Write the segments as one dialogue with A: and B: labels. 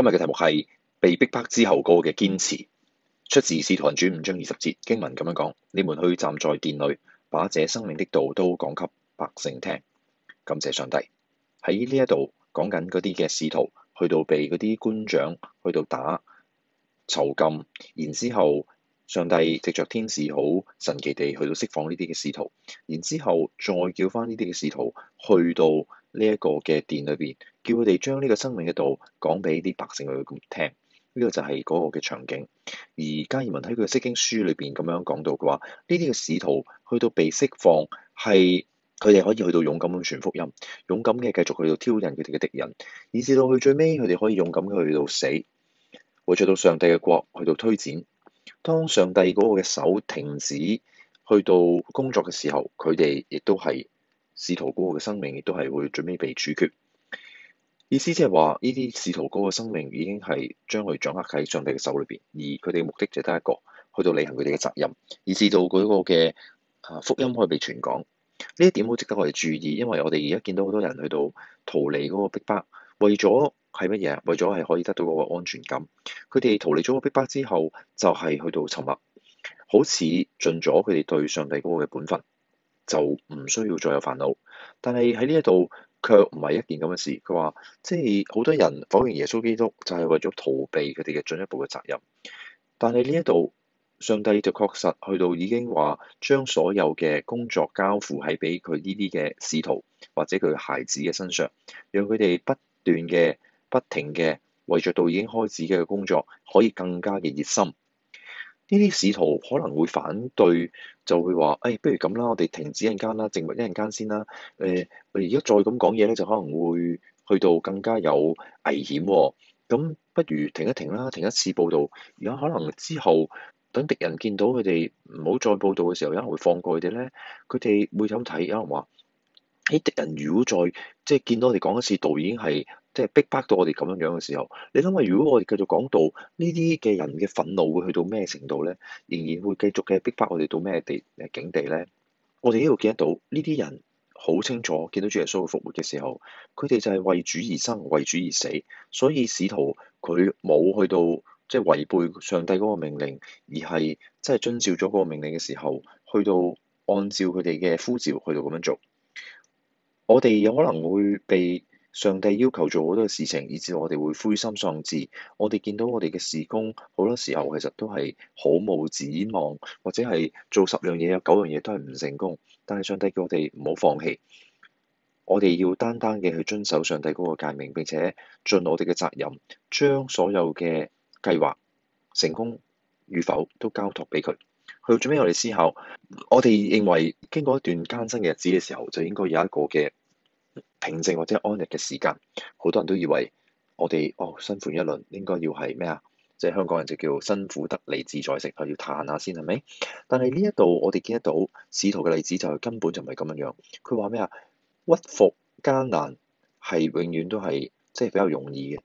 A: 今日嘅題目係被逼迫,迫之後嗰嘅堅持，出自使徒行傳五章二十節經文咁樣講：你們去站在殿裏，把這生命的道都講給百姓聽。感謝上帝喺呢一度講緊嗰啲嘅使徒去到被嗰啲官長去到打囚禁，然之後上帝藉着天使好神奇地去到釋放呢啲嘅使徒，然之後再叫翻呢啲嘅使徒去到。呢一個嘅殿裏邊，叫佢哋將呢個生命嘅道講俾啲百姓去聽。呢個就係嗰個嘅場景。而加爾文喺佢嘅《釋經書》裏邊咁樣講到嘅話，呢啲嘅使徒去到被釋放，係佢哋可以去到勇敢咁傳福音，勇敢嘅繼續去到挑釁佢哋嘅敵人，以至到去最尾，佢哋可以勇敢去到死，會再到上帝嘅國去到推展。當上帝嗰個嘅手停止去到工作嘅時候，佢哋亦都係。使徒嗰個嘅生命亦都係會準備被處決，意思即係話呢啲使徒嗰個生命已經係將佢掌握喺上帝嘅手裏邊，而佢哋嘅目的就係得一個，去到履行佢哋嘅責任，而至到嗰個嘅啊福音可以被傳講。呢一點好值得我哋注意，因為我哋而家見到好多人去到逃離嗰個逼迫，為咗係乜嘢？為咗係可以得到嗰個安全感。佢哋逃離咗個逼迫之後，就係、是、去到沉默，好似盡咗佢哋對上帝嗰個嘅本分。就唔需要再有煩惱，但係喺呢一度卻唔係一件咁嘅事。佢話，即係好多人否認耶穌基督，就係為咗逃避佢哋嘅進一步嘅責任。但係呢一度，上帝就確實去到已經話將所有嘅工作交付喺俾佢呢啲嘅使徒或者佢孩子嘅身上，讓佢哋不斷嘅、不停嘅，為着到已經開始嘅工作，可以更加嘅熱心。呢啲使徒可能會反對，就會話：誒、哎，不如咁啦，我哋停止一陣間啦，靜默一陣間先啦。誒、呃，我哋而家再咁講嘢咧，就可能會去到更加有危險喎、哦。咁不如停一停啦，停一次報導。而家可能之後，等敵人見到佢哋唔好再報導嘅時候，可能會放過佢哋咧。佢哋會咁睇，有人話：啲敵人如果再即係、就是、見到我哋講一次導演係。即係逼迫到我哋咁樣樣嘅時候，你諗下，如果我哋繼續講道，呢啲嘅人嘅憤怒會去到咩程度咧？仍然會繼續嘅逼迫我哋到咩地誒境地咧？我哋呢度見得到呢啲人好清楚，見到主耶穌嘅復活嘅時候，佢哋就係為主而生，為主而死。所以使徒佢冇去到即係違背上帝嗰個命令，而係即係遵照咗嗰個命令嘅時候，去到按照佢哋嘅呼召去到咁樣做。我哋有可能會被。上帝要求做好多事情，以致我哋會灰心喪志。我哋見到我哋嘅事工，好多時候其實都係好冇指望，或者係做十樣嘢有九樣嘢都係唔成功。但係上帝叫我哋唔好放棄，我哋要單單嘅去遵守上帝嗰個誡命，並且盡我哋嘅責任，將所有嘅計劃成功與否都交託俾佢。去做咩？我哋思考，我哋認為經過一段艱辛嘅日子嘅時候，就應該有一個嘅。平靜或者安逸嘅時間，好多人都以為我哋哦辛苦一輪，應該要係咩啊？即係香港人就叫辛苦得嚟自在食，要嘆下先係咪？但係呢一度我哋見得到使徒嘅例子，就係根本就唔係咁樣樣。佢話咩啊？屈服艱難係永遠都係即係比較容易嘅。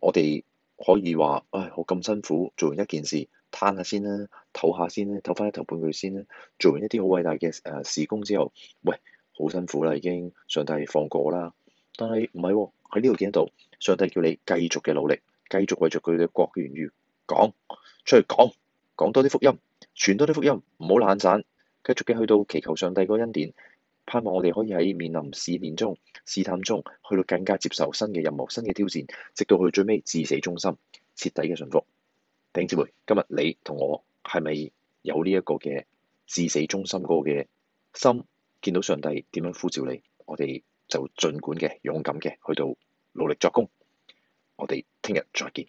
A: 我哋可以話唉，好咁辛苦做完一件事，嘆下先啦，唞下先啦，唞翻一頭半句先啦。做完一啲好偉大嘅誒事工之後，喂。好辛苦啦，已經上帝放過啦，但係唔係喎？喺呢度見到上帝叫你繼續嘅努力，繼續為著佢嘅國的言語講出去講，講多啲福音，傳多啲福音，唔好懶散，繼續嘅去到祈求上帝嗰恩典，盼望我哋可以喺面臨試煉中、試探中，去到更加接受新嘅任務、新嘅挑戰，直到去最尾至死忠心、徹底嘅信服。頂志梅，今日你同我係咪有呢一個嘅至死忠心嗰個嘅心？見到上帝點樣呼召你，我哋就盡管嘅勇敢嘅去到努力作工。我哋聽日再見。